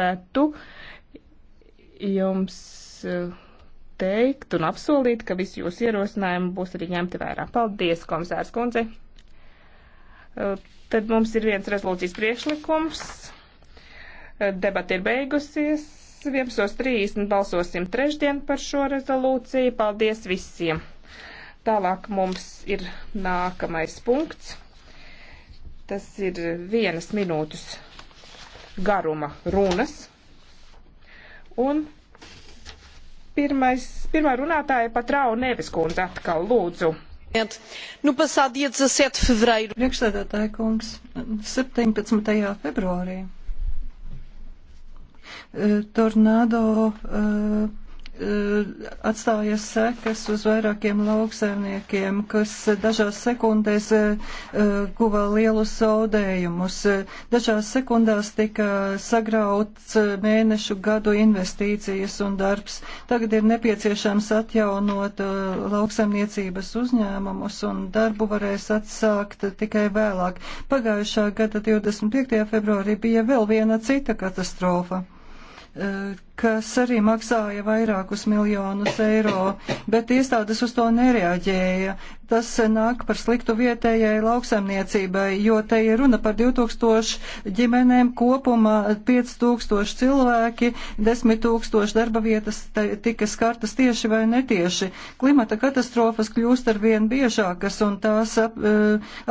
gribētu jums eh, teikt un apsolīt, ka visi jūsu ierosinājumi būs arī ņemti vērā. Paldies, komisārs kundze! Eh, tad mums ir viens rezolūcijas priekšlikums. Eh, debata ir beigusies. 11.30 balsosim trešdien par šo rezolūciju. Paldies visiem! Tālāk mums ir nākamais punkts. Tas ir vienas minūtes garuma runas. Un pirmais, pirmā runātāja patrau Nevis kundze atkal lūdzu. Nu, pasād 17. februāru. Priekšsēdētāja kungs, 17. februārī. Eh, tornado. Uh, Eh, atstājas sekas uz vairākiem lauksaimniekiem, kas dažās sekundēs eh, guva lielus zaudējumus. Dažās sekundās tika sagrauts eh, mēnešu gadu investīcijas un darbs. Tagad ir nepieciešams atjaunot lauksaimniecības uzņēmumus un darbu varēs atsākt tikai vēlāk. Pagājušā gada 25. februārī bija vēl viena cita katastrofa kas arī maksāja vairākus miljonus eiro, bet iestādes uz to nereaģēja. Tas nāk par sliktu vietējai lauksaimniecībai, jo te ir runa par 2000 ģimenēm kopumā, 5000 cilvēki, 10 000 darba vietas tika skartas tieši vai netieši. Klimata katastrofas kļūst ar vien biežākas un tās ap, e,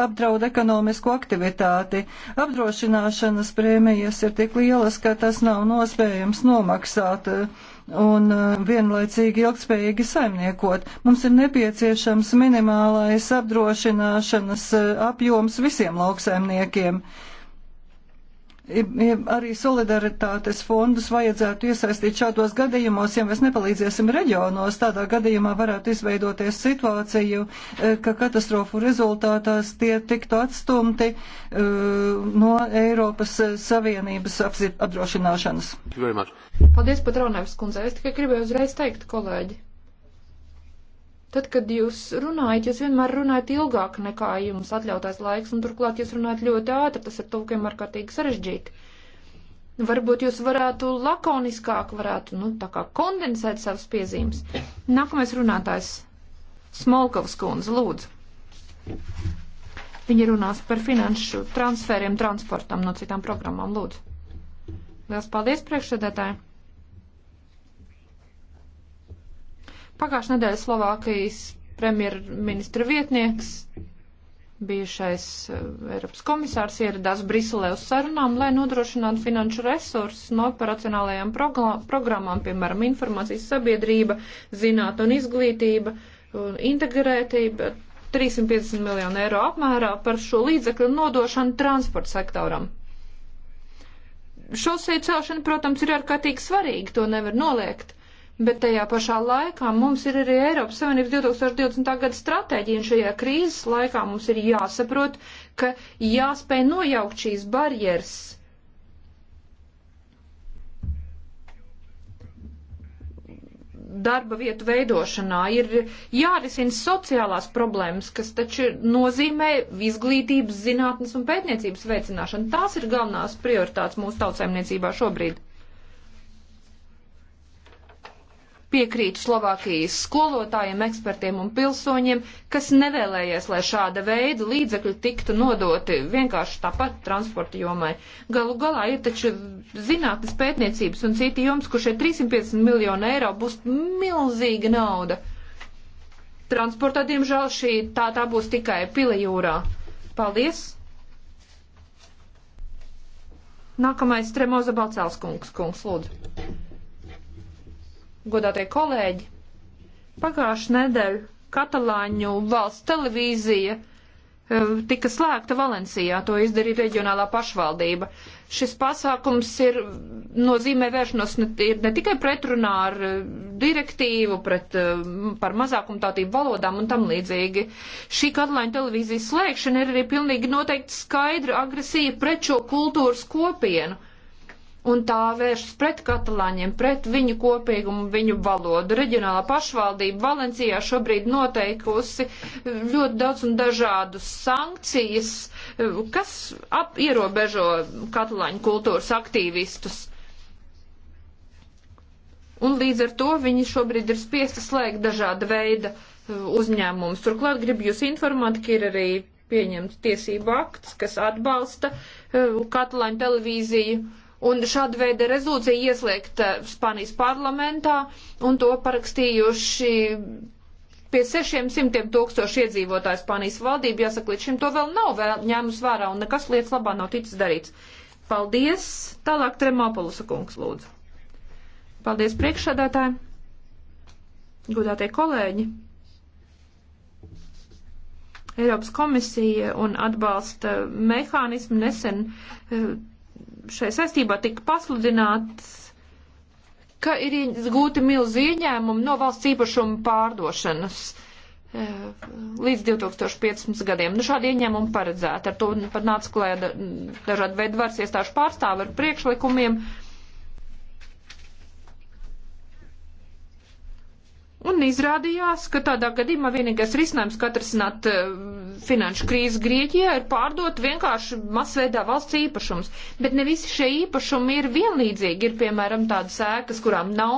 apdraud ekonomisko aktivitāti. Apdrošināšanas prēmijas ir tik lielas, ka tas nav nospējams iespējams nomaksāt eh, un eh, vienlaicīgi ilgspējīgi saimniekot. Mums ir nepieciešams minimālais apdrošināšanas eh, apjoms visiem lauksaimniekiem. Uh, Arī solidaritātes fondus vajadzētu iesaistīt šādos gadījumos, ja mēs nepalīdziesim reģionos. Tādā gadījumā varētu izveidoties situāciju, eh, ka katastrofu rezultātās tie tiktu atstumti eh, no Eiropas Savienības apdrošināšanas. Paldies, Patronēvs kundze. Es tikai gribēju uzreiz teikt, kolēģi Tad, kad jūs runājat, jūs vienmēr runājat ilgāk nekā jums atļautās laiks, un turklāt jūs runājat ļoti ātri, tas ir tūkiem ārkārtīgi sarežģīti. Varbūt jūs varētu lakoniskāk, varētu, nu, tā kā kondensēt savas piezīmes. Nākamais runātājs - Smolkovs kundze, lūdzu. Viņa runās par finanšu transferiem, transportam no citām programmām, lūdzu. Lielas paldies priekšsēdētāji! Pagājušā nedēļa Slovākijas premjerministra vietnieks, bijušais eh, Eiropas komisārs, ieradās Briselē uz sarunām, lai nodrošinātu finanšu resursus no operacionālajām programmām, piemēram, informācijas sabiedrība, zinātne un izglītība, integrētība, 350 miljonu eiro apmērā par šo līdzekļu nodošanu transporta sektoram. Šosei celšana, protams, ir ārkārtīgi svarīga, to nevar noliegt, Bet tajā pašā laikā mums ir arī Eiropas Savienības 2020. gada stratēģija, un šajā krīzes laikā mums ir jāsaprot, ka jāspēj nojaukt šīs barjeras. Darba vietu veidošanā ir jārisina sociālās problēmas, kas taču nozīmē izglītības, zinātnes un pētniecības veicināšanu. Tās ir galvenās prioritātes mūsu tautsēmniecībā šobrīd. Piekrītu Slovākijas skolotājiem, ekspertiem un pilsoņiem, kas nevēlējies, lai šāda veida līdzekļi tiktu nodoti vienkārši tāpat transporta jomai. Galu galā ir taču zinātnes pētniecības un citi joms, kur šie 350 miljoni eiro būs milzīga nauda. Transportā, diemžēl, šī tā, tā būs tikai pilajūrā. Paldies! Nākamais Tremoza Balcēls kungs, kungs, lūdzu godātie kolēģi, pagājušā nedēļa Katalāņu valsts televīzija e, tika slēgta Valencijā, to izdarīja reģionālā pašvaldība. Šis pasākums ir nozīmē vēršanos ne, ir ne tikai pretrunā ar e, direktīvu pret, e, par mazākumtautību valodām un tam līdzīgi. Šī katlāņa televīzijas slēgšana ir arī pilnīgi noteikti skaidra agresija pret šo kultūras kopienu un tā vēršas pret katalāņiem, pret viņu kopīgumu, viņu valodu. Reģionālā pašvaldība Valencijā šobrīd noteikusi ļoti daudz un dažādus sankcijas, kas ap ierobežo katalāņu kultūras aktīvistus. Un līdz ar to viņi šobrīd ir spiesti slēgt dažāda veida uh, uzņēmumus. Turklāt gribu jūs informēt, ka ir arī pieņemts tiesību akts, kas atbalsta uh, katalāņu televīziju. Uh, Un šāda veida rezolūcija ieslēgta eh, Spānijas parlamentā, un to parakstījuši pie 600 tūkstoši iedzīvotāju Spānijas valdību. Jāsaka, līdz šim to vēl nav vēl ņēmus vērā, un nekas lietas labā nav ticis darīts. Paldies! Tālāk Tremopolusa kungs lūdzu. Paldies priekšsādātājiem! Godātie kolēģi! Eiropas komisija un atbalsta mehānismi nesen eh, šai saistībā tika pasludināts, ka ir gūti milzi ieņēmumi no valsts īpašuma pārdošanas eh, līdz 2015 gadiem. Nu, šādi ieņēmumi paredzēti. Ar to pat nāca klēda mm, dažādi veidi varas iestāžu pārstāvi ar priekšlikumiem. Un izrādījās, ka tādā gadījumā vienīgais risinājums, kā atrisināt eh, finanšu krīze Grieķijā ir pārdot vienkārši masveidā valsts īpašums, bet ne visi šie īpašumi ir vienlīdzīgi. Ir, piemēram, tādas ēkas, kurām nav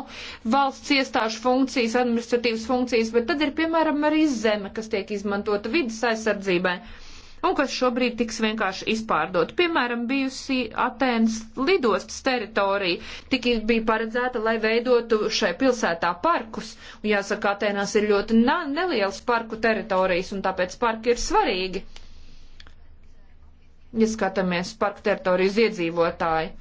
valsts iestāžu funkcijas, administratīvas funkcijas, bet tad ir, piemēram, arī zeme, kas tiek izmantota vidas aizsardzībai un kas šobrīd tiks vienkārši izpārdot. Piemēram, bijusi Atēnas lidostas teritorija, tik bija paredzēta, lai veidotu šai pilsētā parkus. Un jāsaka, Atēnās ir ļoti neliels parku teritorijas, un tāpēc parki ir svarīgi. Ja skatāmies parku teritorijas iedzīvotāji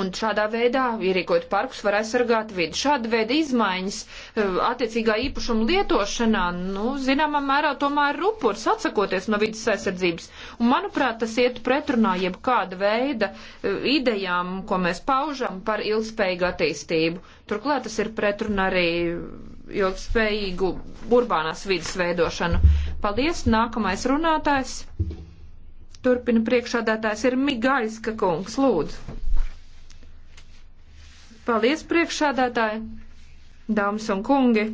un šādā veidā, ierīkot parkus, var aizsargāt vidi. Šāda veida izmaiņas eh, attiecīgā īpašuma lietošanā, nu, zināmā mērā tomēr ir upurs atsakoties no vidas aizsardzības. Un, manuprāt, tas iet pretrunā jeb kāda veida eh, idejām, ko mēs paužam par ilgspējīgu attīstību. Turklāt tas ir pretrunā arī ilgspējīgu urbānās vidas veidošanu. Paldies, nākamais runātājs. Turpina priekšādātājs ir Migaiska kungs, lūdzu. Paldies, priekšsādātāji, dāmas un kungi.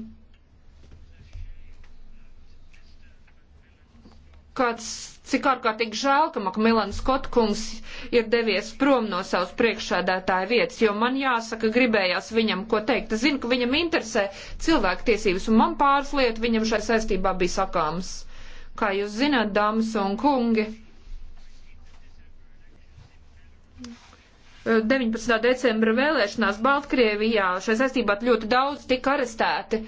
Kāds, cik ārkārtīgi žēl, ka Makmilans Kotkungs ir devies prom no savas priekšsādātāja vietas, jo man jāsaka, gribējās viņam ko teikt. Es zinu, ka viņam interesē cilvēktiesības, un man pāris lietas viņam šai saistībā bija sakāmas. Kā jūs zināt, dāmas un kungi? 19. decembra vēlēšanās Baltkrievijā šai saistībā ļoti daudz tika arestēti,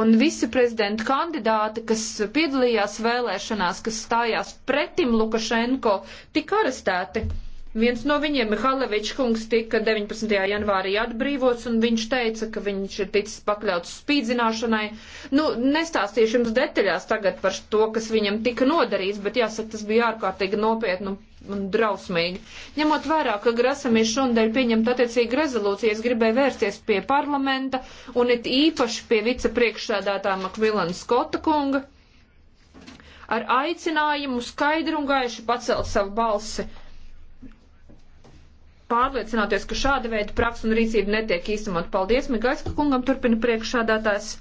un visi prezidenta kandidāti, kas piedalījās vēlēšanās, kas stājās pretim Lukašenko, tika arestēti. Viens no viņiem, Mihalevičs kungs, tika 19. janvārī atbrīvots, un viņš teica, ka viņš ir ticis pakļauts spīdzināšanai. Nu, nestāstīšu jums detaļās tagad par to, kas viņam tika nodarīts, bet jāsaka, tas bija ārkārtīgi nopietni un drausmīgi. Ņemot vērā, ka grasamies šodien pieņemt attiecīgi rezolūciju, es gribēju vērsties pie parlamenta un it īpaši pie vicepriekšsēdētā Makvilana Skota kunga ar aicinājumu skaidru un gaišu pacelt savu balsi pārliecināties, ka šāda veida praksa un rīcība netiek īstenot. Paldies, Migaiska kungam, turpina priekšādātājs.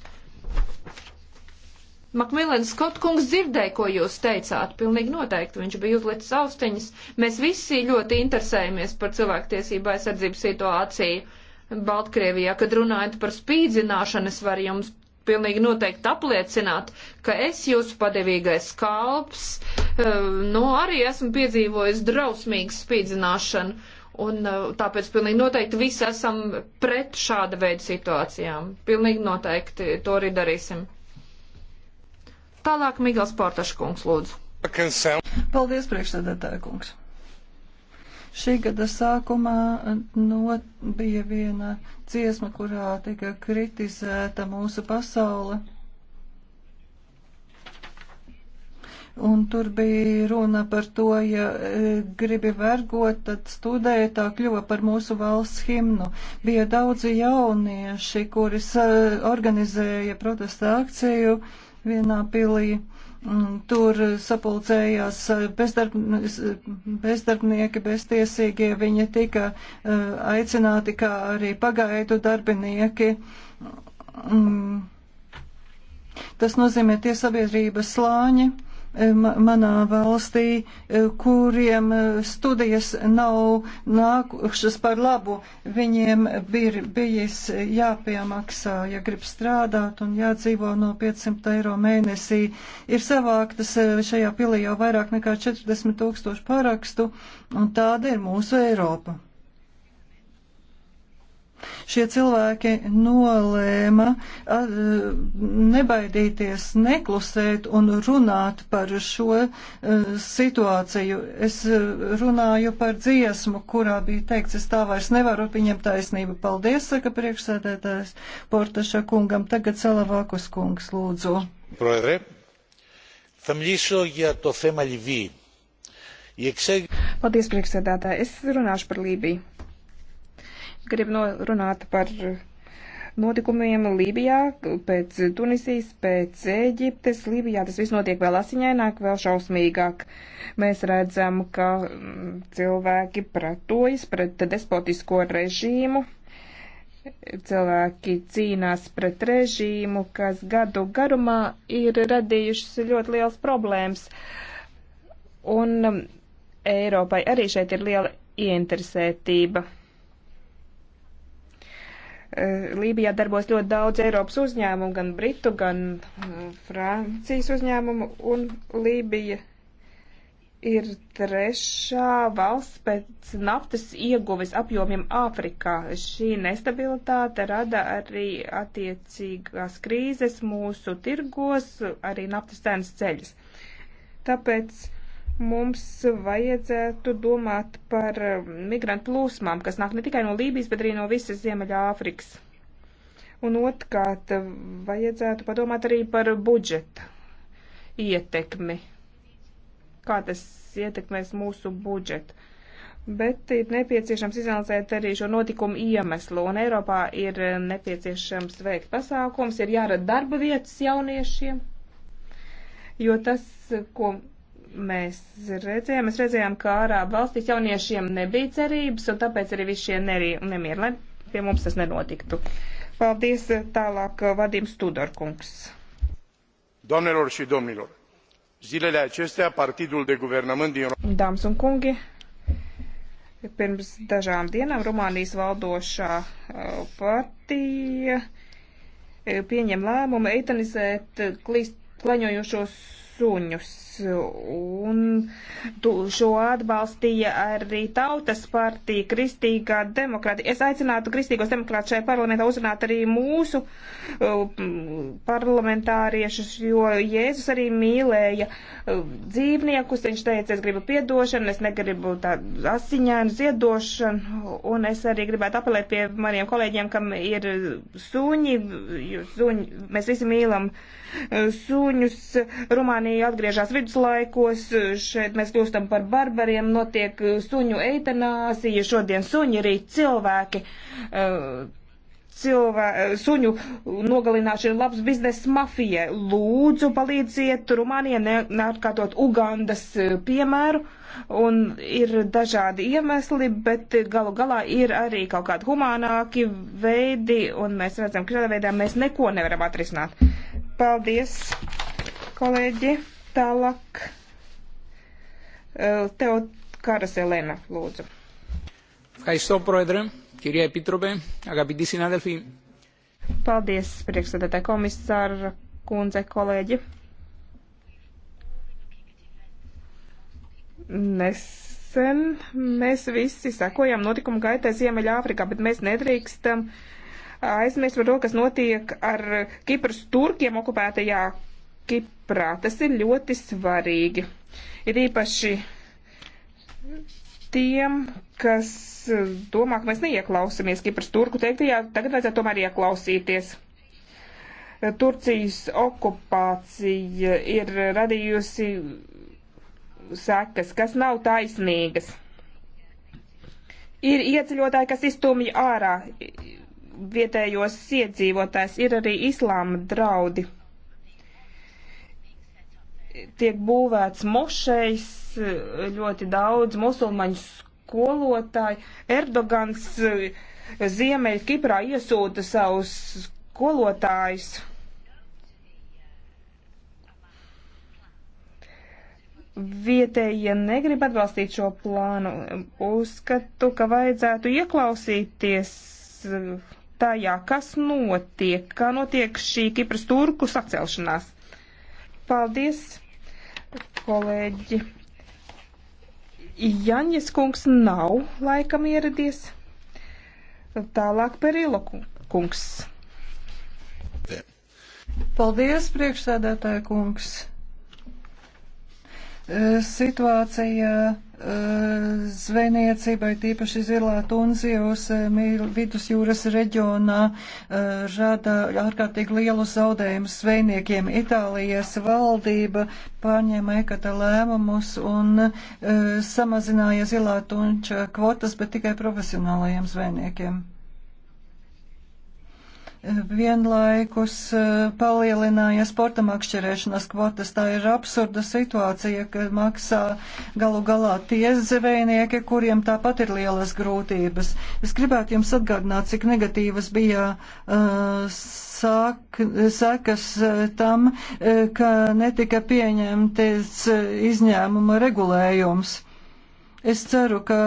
Makmilens Skot kungs dzirdēja, ko jūs teicāt, pilnīgi noteikti, viņš bija uzlicis austiņas. Mēs visi ļoti interesējamies par cilvēktiesību aizsardzību situāciju Baltkrievijā, kad runājat par spīdzināšanu, es varu jums pilnīgi noteikti apliecināt, ka es jūsu padevīgais kalps, eh, nu arī esmu piedzīvojis drausmīgu spīdzināšanu. Un uh, tāpēc pilnīgi noteikti visi esam pret šāda veida situācijām. Pilnīgi noteikti to arī darīsim. Tālāk Migls Portaškungs lūdzu. Paldies, priekšsēdētāja kungs. Šī gada sākumā no, bija viena dziesma, kurā tika kritizēta mūsu pasaule Un tur bija runa par to, ja e, gribi vergot, tad studēja tā kļuva par mūsu valsts himnu. Bija daudzi jaunieši, kuri e, organizēja protesta akciju vienā pilī. Mm, tur sapulcējās e, bezdarb, bezdarbnieki, beztiesīgie, viņi tika aicināti kā arī pagaidu darbinieki. Mm. Tas nozīmē tie sabiedrības slāņi manā valstī, eh, kuriem eh, studijas nav nākušas par labu. Viņiem ir bijis jāpiemaksā, ja grib strādāt un jādzīvo no 500 eiro mēnesī. Ir savāktas eh, šajā pilī jau vairāk nekā 40 tūkstoši parakstu, un tāda ir mūsu Eiropa. Šie cilvēki nolēma nebaidīties, neklusēt un runāt par šo e, situāciju. Es e, runāju par dziesmu, kurā bija teikts, es tā vairs nevaru pieņemt taisnību. Paldies, saka priekšsēdētājs Portaša kungam. Tagad Salavākus kungs, lūdzu. Proedre, θα μιλήσω για το θέμα Λιβύη. Paldies, priekšsēdētāji. Es runāšu par Lībiju gribu runāt par notikumiem Lībijā, pēc Tunisijas, pēc Eģiptes. Lībijā tas viss notiek vēl asiņaināk, vēl šausmīgāk. Mēs redzam, ka mm, cilvēki pretojas pret despotisko režīmu. Cilvēki cīnās pret režīmu, kas gadu garumā ir radījušas ļoti liels problēmas. Un mm, Eiropai arī šeit ir liela ieinteresētība. Eh, Lībijā darbos ļoti daudz Eiropas uzņēmumu, gan Britu, gan mm, Francijas uzņēmumu, un Lībija ir trešā valsts pēc naftas ieguves apjomiem Āfrikā. Šī nestabilitāte rada arī attiecīgās krīzes mūsu tirgos, arī naftas cenas ceļas. Tāpēc mums vajadzētu domāt par um, migrantu plūsmām, kas nāk ne tikai no Lībijas, bet arī no visas Ziemeļāfrikas. Un otrkārt, vajadzētu padomāt arī par budžeta ietekmi. Kā tas ietekmēs mūsu budžetu. Bet ir nepieciešams izanalizēt arī šo notikumu iemeslu, un Eiropā ir um, nepieciešams veikt pasākums, ir jārada darba vietas jauniešiem, jo tas, ko mēs redzējām, mēs redzējām, ka ārābu valstīs jauniešiem nebija cerības, un tāpēc arī visi šie nemieri, lai pie mums tas nenotiktu. Paldies eh, tālāk eh, Vadim Studorkungs. Domnilor și domnilor, zilele acestea Partidul de Guvernământ din România. Dāmas un kungi, pirms dažām dienām Rumānijas valdošā eh, partija pieņem lēmumu eitanizēt klaņojošos suņus un šo atbalstīja arī Tautas partija, Kristīgā demokrātija. Es aicinātu Kristīgos demokrātus šajā parlamentā uzrunāt arī mūsu uh, parlamentāriešus, jo Jēzus arī mīlēja uh, dzīvniekus. Viņš teica, es gribu piedošanu, es negribu tādu asiņainu ziedošanu, un es arī gribētu apelēt pie maniem kolēģiem, kam ir suņi, suņi mēs visi mīlam uh, suņus. Rumānija atgriežas vidus viduslaikos. Šeit mēs kļūstam par barbariem, notiek suņu eitanāzija, šodien suņi arī cilvēki. Eh, cilvē, suņu nogalināšana ir labs biznesa mafijai. Lūdzu, palīdziet Rumānijai neatkārtot Ugandas eh, piemēru. Un ir dažādi iemesli, bet galu galā ir arī kaut kādi humānāki veidi, un mēs redzam, ka šādā veidā mēs neko nevaram atrisināt. Paldies! kolēģi. Tālāk tev Kāras Elēna, lūdzu. Ευχαριστώ, Πρόεδρε, κυρία Επίτροπε, αγαπητοί συνάδελφοι. Paldies, priekšsēdētāja komisāra kundze, kolēģi. Nesen mēs visi sekojam notikumu gaitai Ziemeļāfrikā, bet mēs nedrīkstam aizmirst par to, kas notiek ar Kipras turkiem okupētajā Kipras prāt. Tas ir ļoti svarīgi. Ir īpaši tiem, kas domā, ka mēs neieklausāmies Kipras turku teiktajā, tagad vajadzētu tomēr ieklausīties. Turcijas okupācija ir radījusi sekas, kas nav taisnīgas. Ir ieceļotāji, kas iztumj ārā vietējos iedzīvotājs, ir arī islāma draudi tiek būvēts mošejs, ļoti daudz musulmaņu skolotāju. Erdogans eh, Ziemeļ Kiprā iesūta savus skolotājus. Vietējie negrib atbalstīt šo plānu. Uzskatu, ka vajadzētu ieklausīties eh, tajā, kas notiek, kā notiek šī Kipras turku sacelšanās. Paldies! kolēģi. Jaņas kungs nav laikam ieradies. Tālāk Perilo kungs. Paldies, priekšsēdētāja kungs. Eh, situācija Eh, zvejniecībai, tīpaši zilā tunzija uz eh, vidusjūras reģionā, rada eh, ārkārtīgi lielu zaudējumu zvejniekiem. Itālijas valdība pārņēma ekata lēmumus un samazināja zilā tunča kvotas, bet tikai profesionālajiem zvejniekiem. Vienlaikus eh, palielināja sporta makšķerēšanas kvotas. Tā ir absurda situācija, ka maksā galu galā tie zvejnieki, kuriem tāpat ir lielas grūtības. Es gribētu jums atgādināt, cik negatīvas bija uh, sāk, sākas eh, tam, ka netika pieņemties izņēmuma regulējums. Es ceru, ka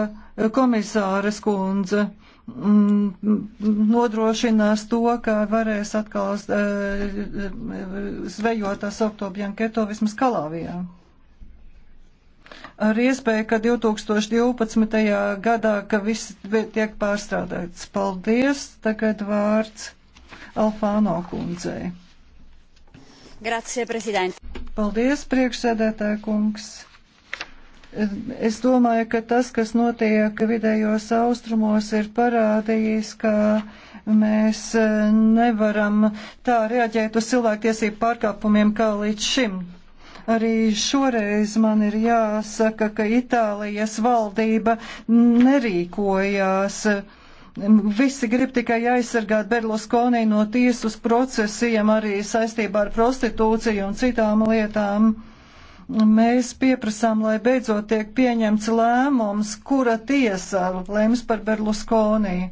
komisāres kundze uh, Mm, nodrošinās to, ka varēs atkal eh, zvejot tā saukto Bjanketo vismaz Kalāvijā ar iespēju, ka 2012. gadā, ka viss tiek pārstrādāts. Paldies, tagad vārds Alfāno kundzei. Grazie, prezident. Paldies, priekšsēdētāja kungs. Es domāju, ka tas, kas notiek vidējos austrumos, ir parādījis, ka mēs e, nevaram tā reaģēt uz cilvēktiesību pārkāpumiem kā līdz šim. Arī šoreiz man ir jāsaka, ka Itālijas valdība nerīkojās. Visi grib tikai aizsargāt Berluskonī no tiesas procesiem arī saistībā ar prostitūciju un citām lietām. Mēs pieprasām, lai beidzot tiek pieņemts lēmums, kura tiesa lems par Berluskoniju.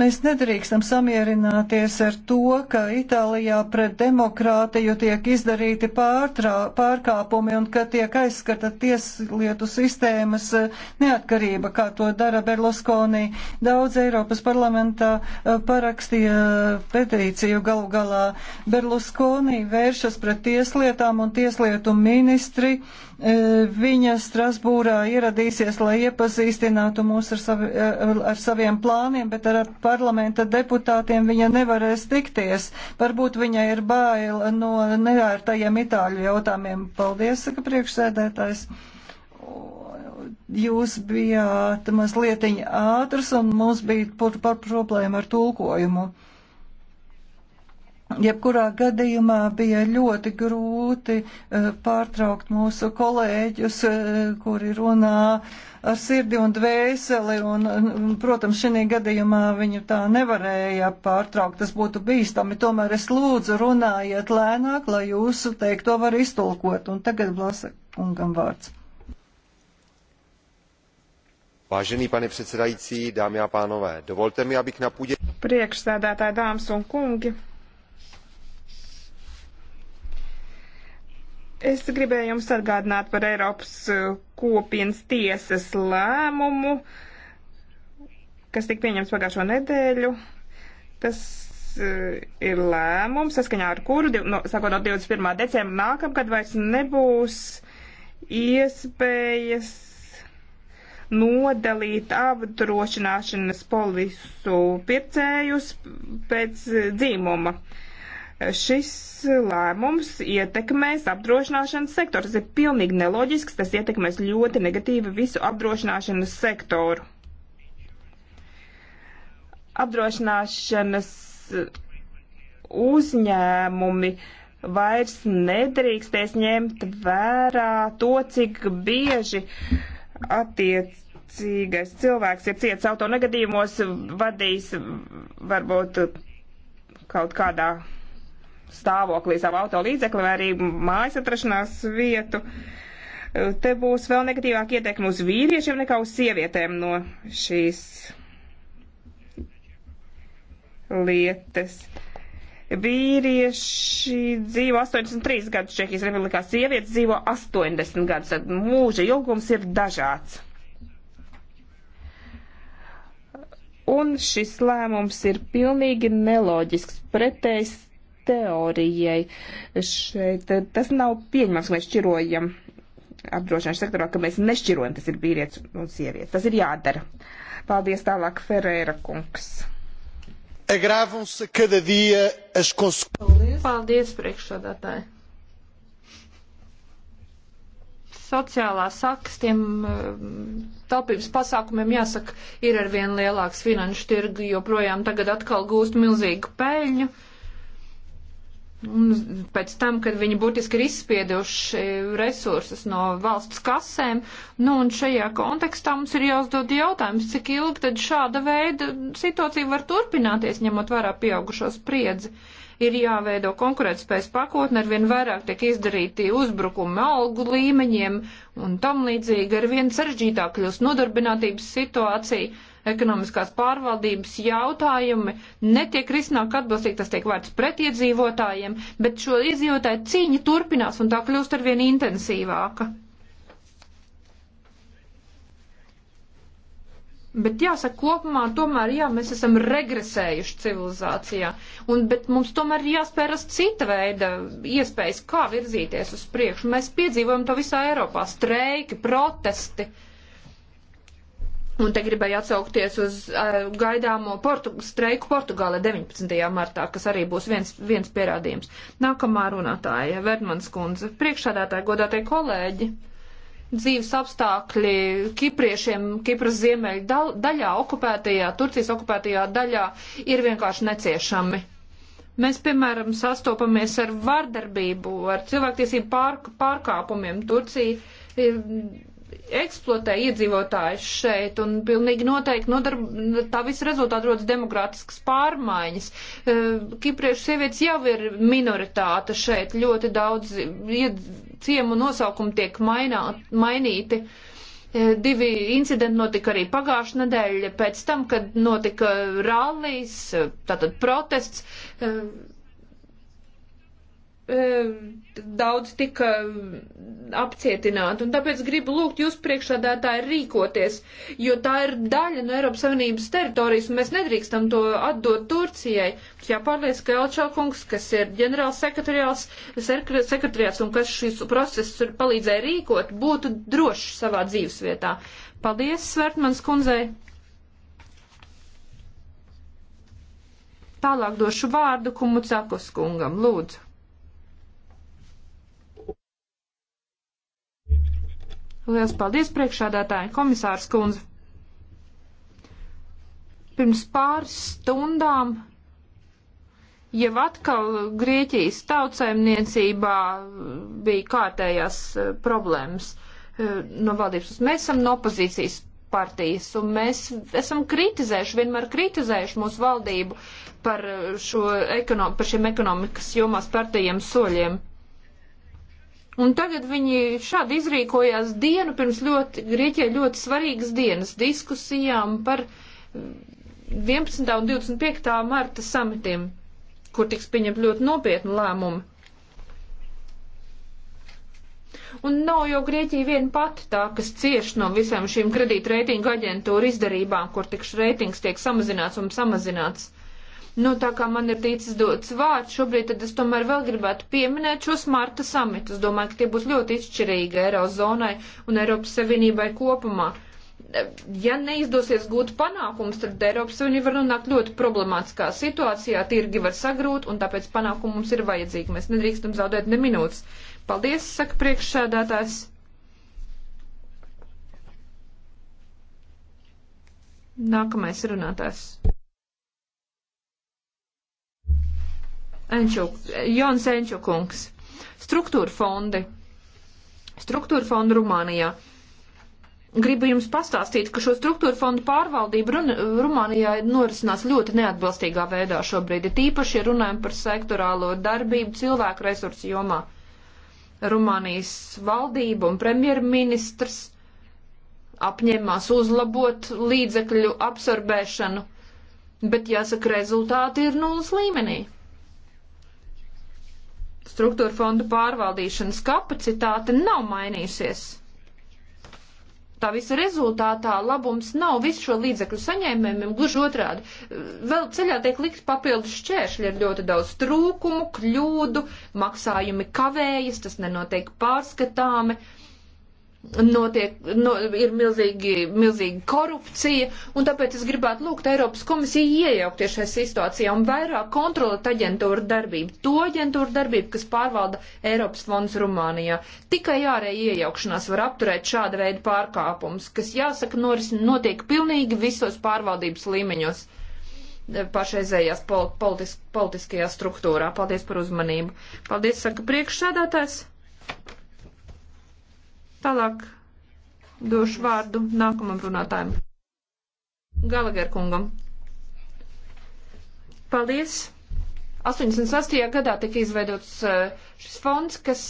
Mēs nedrīkstam samierināties ar to, ka Itālijā pret demokrātiju tiek izdarīti pārtrā, pārkāpumi un ka tiek aizskata tieslietu sistēmas eh, neatkarība, kā to dara Berlusconi. Daudz Eiropas parlamentā eh, parakstīja eh, petīciju galu galā. Berlusconi vēršas pret tieslietām un tieslietu ministri E, viņa Strasbūrā ieradīsies, lai iepazīstinātu mūs ar, savi, e, ar saviem plāniem, bet ar parlamenta deputātiem viņa nevarēs tikties. Varbūt viņai ir bail no neārtajiem itāļu jautājumiem. Paldies, saka priekšsēdētājs. Jūs bijāt mazlietiņa ātrs un mums bija problēma ar tulkojumu. Jebkurā gadījumā bija ļoti grūti eh, pārtraukt mūsu kolēģus, eh, kuri runā ar sirdi un dvēseli, un, mm, protams, šī gadījumā viņu tā nevarēja pārtraukt, tas būtu bīstami. Tomēr es lūdzu runājiet lēnāk, lai jūsu teikto var iztulkot, un tagad Blasa kungam vārds. Vážený pane předsedající, dámy a pánové, dovolte mi, abych na půdě... Priekšsēdētāji, dāmas un kungi, Es gribēju jums atgādināt par Eiropas uh, kopienas tiesas lēmumu, kas tika pieņemts pagājušo nedēļu. Tas uh, ir lēmums, saskaņā ar kuru, no, sakot, no 21. decembra nākamgad vairs nebūs iespējas nodalīt apdrošināšanas polisu pircējus pēc uh, dzīmuma. Uh, šis lēmums ietekmēs apdrošināšanas sektoru. Tas ir pilnīgi neloģisks, tas ietekmēs ļoti negatīvi visu apdrošināšanas sektoru. Apdrošināšanas uzņēmumi vairs nedrīkstēs ņemt vērā to, cik bieži attiec attiecīgais cilvēks ir cietis autonegadījumos, vadīs varbūt kaut kādā stāvoklī, savu auto līdzekli vai arī mājas atrašanās vietu. Te būs vēl negatīvāk ietekmi uz vīriešiem nekā uz sievietēm no šīs lietas. Vīrieši dzīvo 83 gadus Čehijas republikā, sievietes dzīvo 80 gadus, tad mūža ilgums ir dažāds. Un šis lēmums ir pilnīgi neloģisks, pretējs teorijai. Šeit eh, tas nav pieņemams, ka mēs šķirojam apdrošināšanas sektorā, ka mēs nešķirojam, tas ir vīrietis un sievietes. Tas ir jādara. Paldies tālāk, Ferēra kungs. Agravam-se cada dia as consequências. Paldies, priekšsādātāji. sociālās sakas, tiem eh, taupības pasākumiem, jāsaka, ir arvien lielāks finanšu tirgi, joprojām tagad atkal gūst milzīgu peļņu. Uh, Un pēc tam, kad viņi būtiski ir izspieduši resursus no valsts kasēm, nu un šajā kontekstā mums ir jāuzdod jautājums, cik ilgi tad šāda veida situācija var turpināties, ņemot vērā pieaugušo spriedzi. Ir jāveido konkurētspējas pakotne, arvien vairāk tiek izdarīti uzbrukumi algu līmeņiem un tam līdzīgi, arvien sarežģītāk kļūst nodarbinātības situācija ekonomiskās pārvaldības jautājumi netiek risināt atbilstīgi, tas tiek vērts pret iedzīvotājiem, bet šo iedzīvotāju cīņa turpinās un tā kļūst arvien intensīvāka. Bet jāsaka, kopumā tomēr jā, mēs esam regresējuši civilizācijā, un, bet mums tomēr ir jāspēj rast cita veida iespējas, kā virzīties uz priekšu. Mēs piedzīvojam to visā Eiropā - streiki, protesti. Uh, Un te gribēju atsaukties uz uh, gaidāmo portu, streiku Portugālē 19. martā, kas arī būs viens, viens pierādījums. Nākamā runātāja, Verdmans kundze, priekšādātāja, godātie kolēģi, dzīves apstākļi kipriešiem, Kipras ziemeļu dal, daļā, okupētajā, Turcijas okupētajā daļā ir vienkārši neciešami. Mēs, piemēram, sastopamies ar vardarbību, ar cilvēktiesību pār, pārkāpumiem. Turcija eksploatē iedzīvotājus šeit, un pilnīgi noteikti nodarb, tā visa rezultāta rodas demokrātiskas pārmaiņas. E, Kipriešu sievietes jau ir minoritāte šeit, ļoti daudz ciemu nosaukumu tiek mainā, mainīti. E, Divi incidenti notika arī pagājušā nedēļa, pēc tam, kad notika rallies, tātad protests, e, daudz tika apcietināti, un tāpēc gribu lūgt jūs priekšādātāji rīkoties, jo tā ir daļa no Eiropas Savienības teritorijas, un mēs nedrīkstam to atdot Turcijai. Jāpārliec, ka Elčākungs, kas ir ģenerāls sekretariāls, sekretariāls un kas šīs procesus palīdzēja rīkot, būtu droši savā dzīvesvietā. Paldies, Svertmans kundzei! Tālāk došu vārdu Kumucakus kungam, lūdzu. Lielas paldies priekšādātāji komisārs kundze. Pirms pāris stundām jau atkal Grieķijas tautsēmniecībā bija kārtējās eh, problēmas eh, no valdības. Mēs esam no opozīcijas partijas, un mēs esam kritizējuši, vienmēr kritizējuši mūsu valdību par, eh, šo, ekonom, par šiem ekonomikas jomās partijiem soļiem. Un tagad viņi šādi izrīkojās dienu pirms ļoti, Grieķijai ļoti svarīgas dienas diskusijām par 11. Mm, un 25. marta samitiem, kur tiks pieņemt ļoti nopietnu lēmumu. Un nav jau Grieķija viena pati tā, kas cieš no visām šīm kredītreitingu aģentūru izdarībām, kur tikš reitings tiek samazināts un samazināts. Nu, tā kā man ir ticis dots vārds šobrīd, tad es tomēr vēl gribētu pieminēt šos marta samitus. Domāju, ka tie būs ļoti izšķirīgi Eirozonai un Eiropas Savienībai kopumā. Ja neizdosies gūt panākums, tad Eiropas Savienība var nonākt ļoti problemātiskā situācijā, tirgi var sagrūt un tāpēc panākumu mums ir vajadzīgi. Mēs nedrīkstam zaudēt ne minūtes. Paldies, saka priekšsēdētājs. Nākamais runātājs. Enčuk, Jons Enčukungs. Struktūra fondi. Struktūra fondi Rumānijā. Gribu jums pastāstīt, ka šo struktūra fondu pārvaldību Run Rumānijā ir norisinās ļoti neatbilstīgā veidā šobrīd, ir tīpaši, ja runājam par sektorālo darbību cilvēku resursu jomā. Rumānijas valdība un premjerministrs apņēmās uzlabot līdzekļu absorbēšanu, bet jāsaka, rezultāti ir nulles līmenī struktūra fondu pārvaldīšanas kapacitāte nav mainījusies. Tā visa rezultātā labums nav visu šo līdzekļu saņēmējiem, gluži otrādi. Vēl ceļā tiek likt papildus šķēršļi, ir ļoti daudz trūkumu, kļūdu, maksājumi kavējas, tas nenotiek pārskatāmi. Uh, notiek, no, ir milzīgi, milzīgi korupcija, un tāpēc es gribētu lūgt Eiropas komisiju iejaukties šajā situācijā un vairāk kontrolēt aģentūru darbību, to aģentūru darbību, kas pārvalda Eiropas fonds Rumānijā. Tikai ārēja iejaukšanās var apturēt šāda veida pārkāpumus, kas, jāsaka, noris, notiek pilnīgi visos pārvaldības līmeņos eh, pašreizējās politis, politiskajā struktūrā. Paldies par uzmanību. Paldies, saka priekšsādātājs. Tālāk došu vārdu nākamam runātājam. Galager kungam. Paldies! 88. gadā tika izveidots eh, šis fonds, kas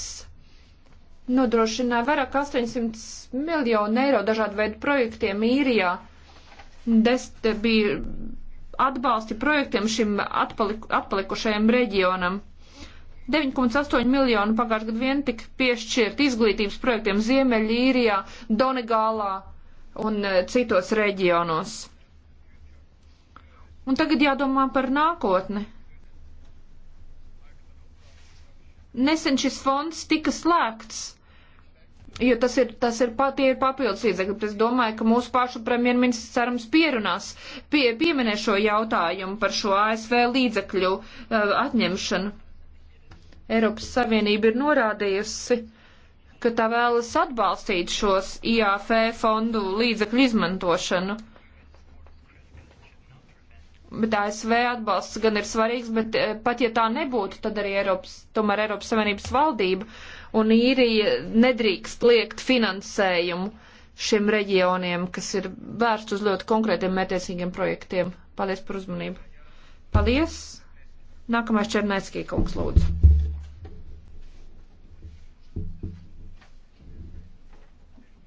nodrošināja vairāk 800 miljonu eiro dažādu veidu projektiem īrijā. Dest bija atbalsti projektiem šim atpaliku, atpalikušajam reģionam. 9,8 miljonu pagājušajā gadu vien tika piešķirt izglītības projektiem Ziemeļīrijā, Donegālā un e, citos reģionos. Un tagad jādomā par nākotni. Nesen šis fonds tika slēgts, jo tas ir, tas ir, pat, tie ir papildus līdzekļi. Es domāju, ka mūsu pašu premjerministrs cerams pierunās, pie, pieminē šo jautājumu par šo ASV līdzekļu uh, atņemšanu. Eiropas Savienība ir norādījusi, ka tā vēlas atbalstīt šos IAF fondu līdzekļu izmantošanu. Bet ASV atbalsts gan ir svarīgs, bet eh, pat ja tā nebūtu, tad arī Eiropas, tomēr Eiropas Savienības valdība un īrija nedrīkst liekt finansējumu šiem reģioniem, kas ir vērsts uz ļoti konkrētiem mērķiecīgiem projektiem. Paldies par uzmanību. Paldies. Nākamais Černēckī kungs lūdzu.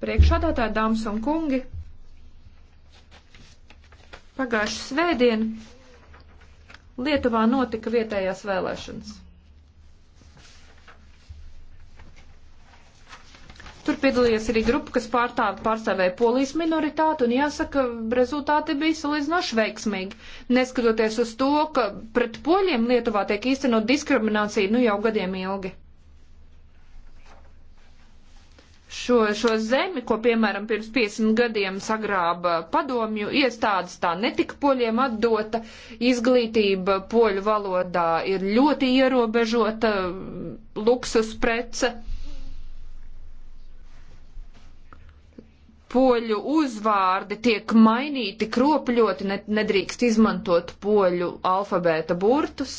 priekšādātāji, dāmas un kungi. Pagājuši svētdien Lietuvā notika vietējās vēlēšanas. Tur piedalījās arī grupa, kas pārstāv, pārstāvēja polijas minoritāti, un jāsaka, rezultāti bija salīdzinoši veiksmīgi. Neskatoties uz to, ka pret poļiem Lietuvā tiek īstenot diskriminācija nu jau gadiem ilgi. šo, šo zemi, ko piemēram pirms 50 gadiem sagrāba padomju iestādes, tā netika poļiem atdota. Izglītība poļu valodā ir ļoti ierobežota luksus prece. poļu uzvārdi tiek mainīti, kropļoti, nedrīkst izmantot poļu alfabēta burtus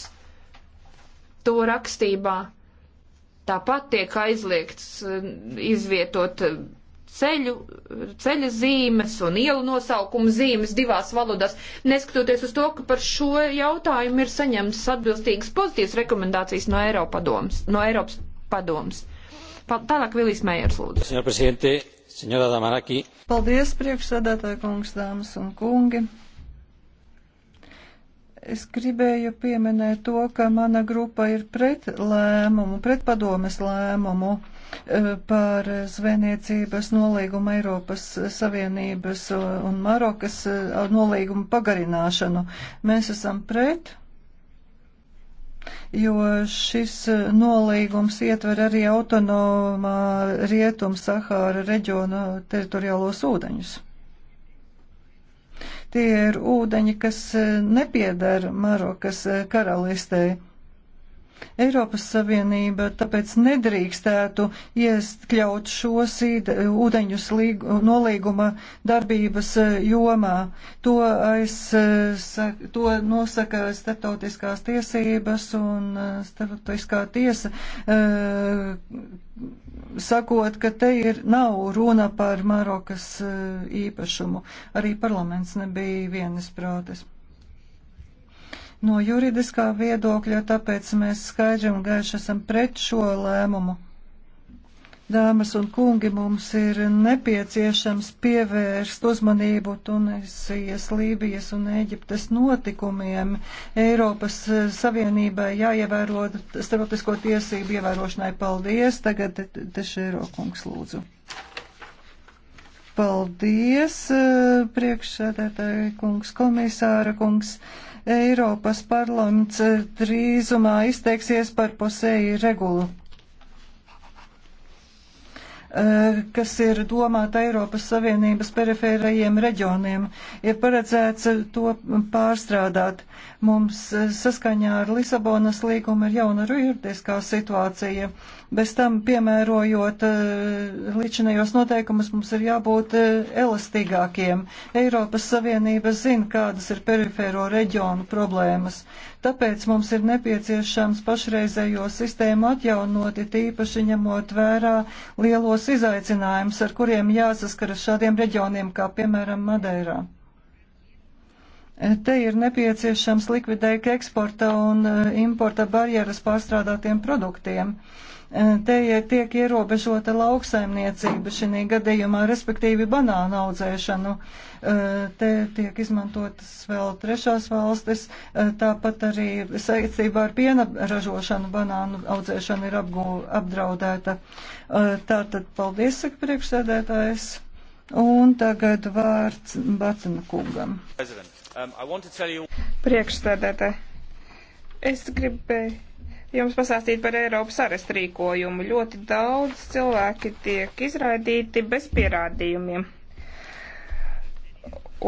to rakstībā. Tāpat tiek aizliegts eh, izvietot eh, ceļu, ceļa zīmes un ielu nosaukuma zīmes divās valodās, neskatoties uz to, ka par šo jautājumu ir saņemts atbilstīgas pozitīvas rekomendācijas no, Eiropadoms, no Eiropas padoms. Pa, tālāk Vilijas Mējers lūdzu. Senora senora Paldies, priekšsēdētāji kungs, dāmas un kungi. Es gribēju pieminēt to, ka mana grupa ir pret lēmumu, pret padomes lēmumu e, par zvejniecības nolīgumu Eiropas Savienības un Marokas e, nolīgumu pagarināšanu. Mēs esam pret, jo šis nolīgums ietver arī autonomā Rietum Sahāra reģiona teritoriālos ūdeņus. Tie ir ūdeņi, kas eh, nepiedara Marokas eh, karalistei. Eiropas Savienība tāpēc nedrīkstētu ieskļaut šos ūdeņus nolīguma darbības e, jomā. To, aiz, e, to nosaka starptautiskās tiesības un e, starptautiskā tiesa, sakot, ka te ir, nav runa par Marokas īpašumu. Arī parlaments nebija vienas prātes no juridiskā viedokļa, tāpēc mēs skaidri un gaiši esam pret šo lēmumu. Dāmas un kungi, mums ir nepieciešams pievērst uzmanību Tunisijas, Lībijas un Ēģiptes notikumiem. Eiropas Savienībai jāievēro starptautisko tiesību ievērošanai. Paldies! Tagad Tešēro kungs lūdzu. Paldies, priekšsēdētāji kungs, komisāra kungs. Uh, Eiropas parlaments eh, drīzumā izteiksies par posēju regulu. Eh, kas ir domāta Eiropas Savienības perifērajiem reģioniem, ir paredzēts to pārstrādāt. Mums eh, saskaņā ar Lisabonas līgumu ir jauna juridiskā situācija. Bez tam, piemērojot eh, līdzinējos noteikumus, mums ir jābūt elastīgākiem. Eiropas Savienība zina, kādas ir perifēro reģionu problēmas. Tāpēc mums ir nepieciešams pašreizējo sistēmu atjaunot, it īpaši ņemot vērā lielos lielus izaicinājumus, ar kuriem jāsaskaras šādiem reģioniem, kā piemēram Madeirā. Te ir nepieciešams likvidēt eksporta un eh, importa barjeras pārstrādātiem produktiem. Eh, te tiek ierobežota lauksaimniecība šī gadījumā, respektīvi banāna audzēšanu. Eh, te tiek izmantotas vēl trešās valstis, tāpat arī saistībā ar piena ražošanu banānu audzēšana ir apgū, apdraudēta. Tātad paldies, saka priekšsēdētājs. Un tagad vārds Bacina kungam. President. Um, Priekšstādētāji, es gribēju jums pasāstīt par Eiropas arestu rīkojumu. Ļoti daudz cilvēki tiek izraidīti bez pierādījumiem.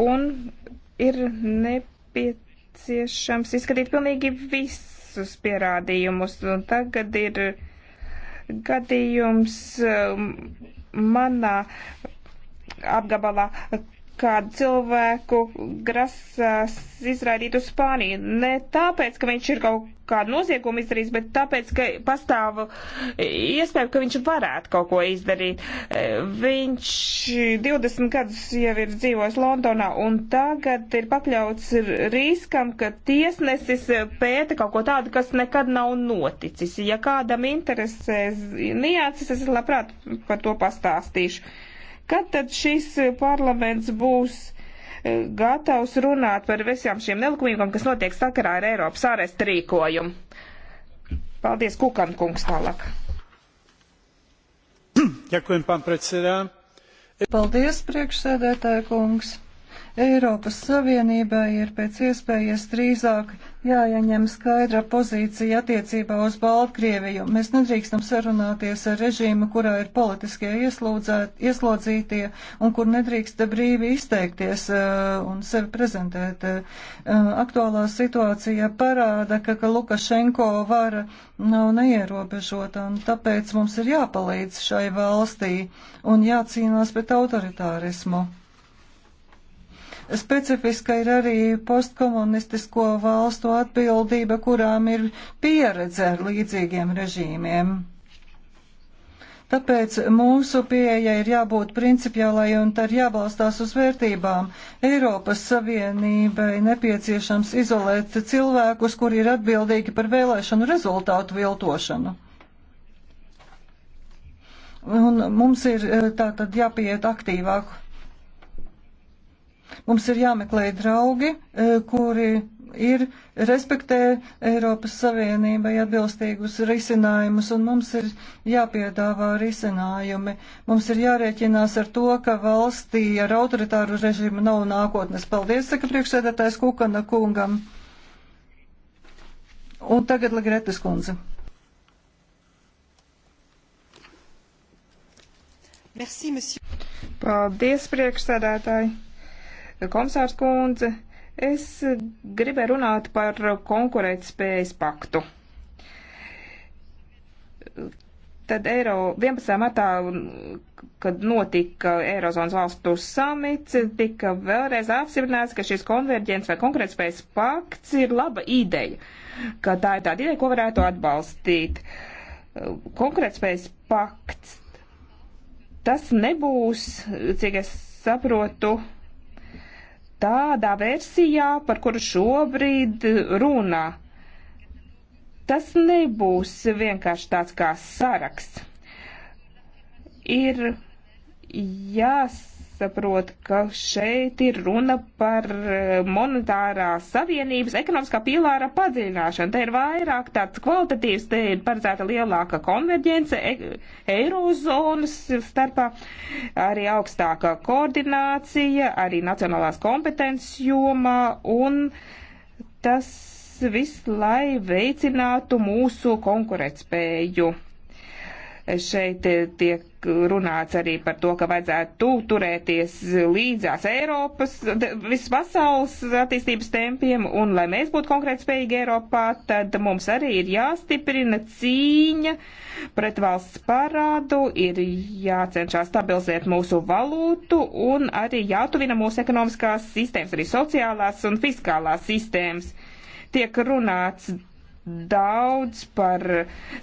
Un ir nepieciešams izskatīt pilnīgi visus pierādījumus. Un tagad ir gadījums um, manā apgabalā, kādu cilvēku grasās izraidīt uz Spāniju. Ne tāpēc, ka viņš ir kaut kādu noziegumu izdarījis, bet tāpēc, ka pastāv iespēja, ka viņš varētu kaut ko izdarīt. E, viņš 20 gadus jau ir dzīvojis Londonā un tagad ir pakļauts riskam, ka tiesnesis pēta kaut ko tādu, kas nekad nav noticis. Ja kādam interesēs nianses, es labprāt par to pastāstīšu. Kad tad šis e, parlaments būs e, gatavs runāt par visām šīm nelikumībām, kas notiek sakarā ar Eiropas ārēstu rīkojumu? Paldies, Kukan kungs, tālāk. Ďakujem, pán predsedā. Paldies, priekšsēdētāja kungs. Eiropas Savienībai ir pēc iespējas drīzāk jāieņem skaidra pozīcija attiecībā uz Baltkrieviju. Mēs nedrīkstam sarunāties ar režīmu, kurā ir politiskie ieslodzītie un kur nedrīkst brīvi izteikties uh, un sevi prezentēt. Uh, aktuālā situācija parāda, ka, ka Lukašenko vara nav neierobežota un tāpēc mums ir jāpalīdz šai valstī un jācīnās pret autoritārismu. Specifiska ir arī postkomunistisko valstu atbildība, kurām ir pieredze ar līdzīgiem režīmiem. Tāpēc mūsu pieeja ir jābūt principiālai un tā ir jābalstās uz vērtībām. Eiropas Savienībai nepieciešams izolēt cilvēkus, kuri ir atbildīgi par vēlēšanu rezultātu viltošanu. Un mums ir eh, tātad jāpieiet aktīvāk Mums ir jāmeklē draugi, e, kuri ir respektē Eiropas Savienībai atbilstīgus risinājumus, un mums ir jāpiedāvā risinājumi. Mums ir jārēķinās ar to, ka valstī ar autoritāru režīmu nav nākotnes. Paldies, saka priekšsēdētājs Kukana kungam. Un tagad Ligretes kundze. Merci, monsieur. Paldies, priekšsēdētāji komisārs kundze, es gribēju runāt par konkurētspējas paktu. Tad Eiro 11. martā, kad notika Eirozonas valstu samits, tika vēlreiz apstiprināts, ka šis konverģents vai konkurētspējas pakts ir laba ideja, ka tā ir tāda ideja, ko varētu atbalstīt. Konkurētspējas pakts, tas nebūs, cik es saprotu, tādā versijā, par kuru šobrīd runā. Tas nebūs vienkārši tāds kā saraksts. Ir jās jāsaprot, ka šeit ir runa par eh, monetārās savienības ekonomiskā pīlāra padziļināšanu. Te ir vairāk tāds kvalitatīvs, te ir paredzēta lielāka konverģence e eirozonas starpā, arī augstāka koordinācija, arī nacionālās kompetences jomā un tas viss, lai veicinātu mūsu konkurētspēju. Šeit tiek runāts arī par to, ka vajadzētu turēties līdzās Eiropas, visas pasaules attīstības tempiem, un lai mēs būtu konkrēti spējīgi Eiropā, tad mums arī ir jāstiprina cīņa pret valsts parādu, ir jācenšas stabilizēt mūsu valūtu un arī jātuvina mūsu ekonomiskās sistēmas, arī sociālās un fiskālās sistēmas tiek runāts daudz par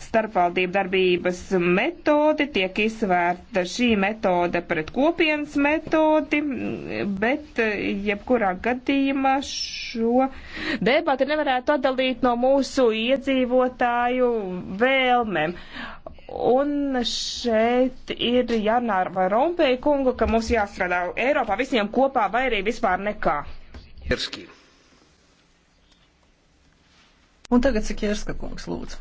starpvaldību darbības metodi, tiek izvērta šī metode pret kopienas metodi, bet eh, jebkurā gadījumā šo debatu nevarētu atdalīt no mūsu iedzīvotāju vēlmēm. Un šeit ir Janāra Rompēja kungu, ka mums jāstrādā Eiropā visiem kopā vai arī vispār nekā. Irski. Un tagad Sikierska kungs lūdzu.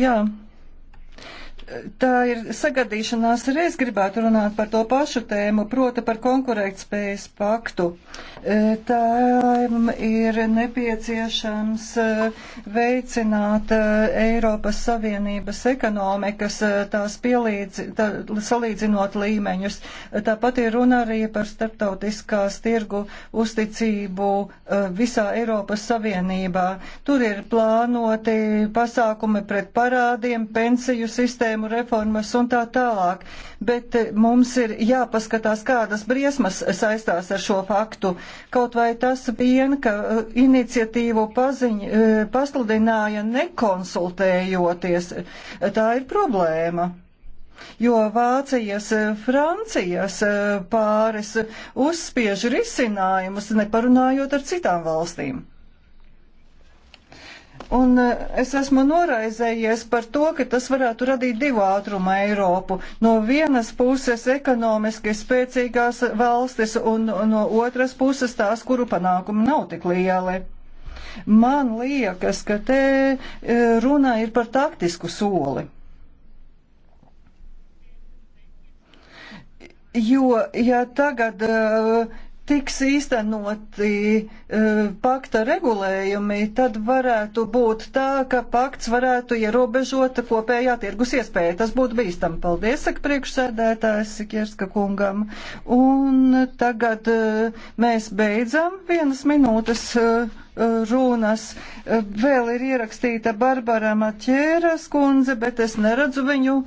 Jā, tā ir sagadīšanās, arī es gribētu runāt par to pašu tēmu, proti par konkurētspējas paktu. E, tām ir nepieciešams e, veicināt e, Eiropas Savienības ekonomikas, tās pielīdzi, tā, salīdzinot līmeņus. Tāpat ir runa arī par starptautiskās tirgu uzticību visā Eiropas Savienībā. Tur ir plānoti pasākumi pret parādiem, pensiju sistēmu, sistēmu reformas un tā tālāk. Bet eh, mums ir jāpaskatās, kādas briesmas saistās ar šo faktu. Kaut vai tas vien, ka eh, iniciatīvu paziņ, eh, pasludināja nekonsultējoties, tā ir problēma. Jo Vācijas, Francijas pāris uzspiež risinājumus, neparunājot ar citām valstīm. Un eh, es esmu noraizējies par to, ka tas varētu radīt divu ātrumu Eiropu. No vienas puses ekonomiski spēcīgās valstis un no otras puses tās, kuru panākumi nav tik lieli. Man liekas, ka te eh, runa ir par taktisku soli. Jo, ja tagad uh, tiks īstenoti uh, pakta regulējumi, tad varētu būt tā, ka pakts varētu ierobežot kopējā tirgus iespēja. Tas būtu bīstam. Paldies, saka priekšsēdētājs Kierska kungam. Un tagad uh, mēs beidzam vienas minūtes. Uh, runas. Vēl ir ierakstīta Barbara Maķēras kundze, bet es neredzu viņu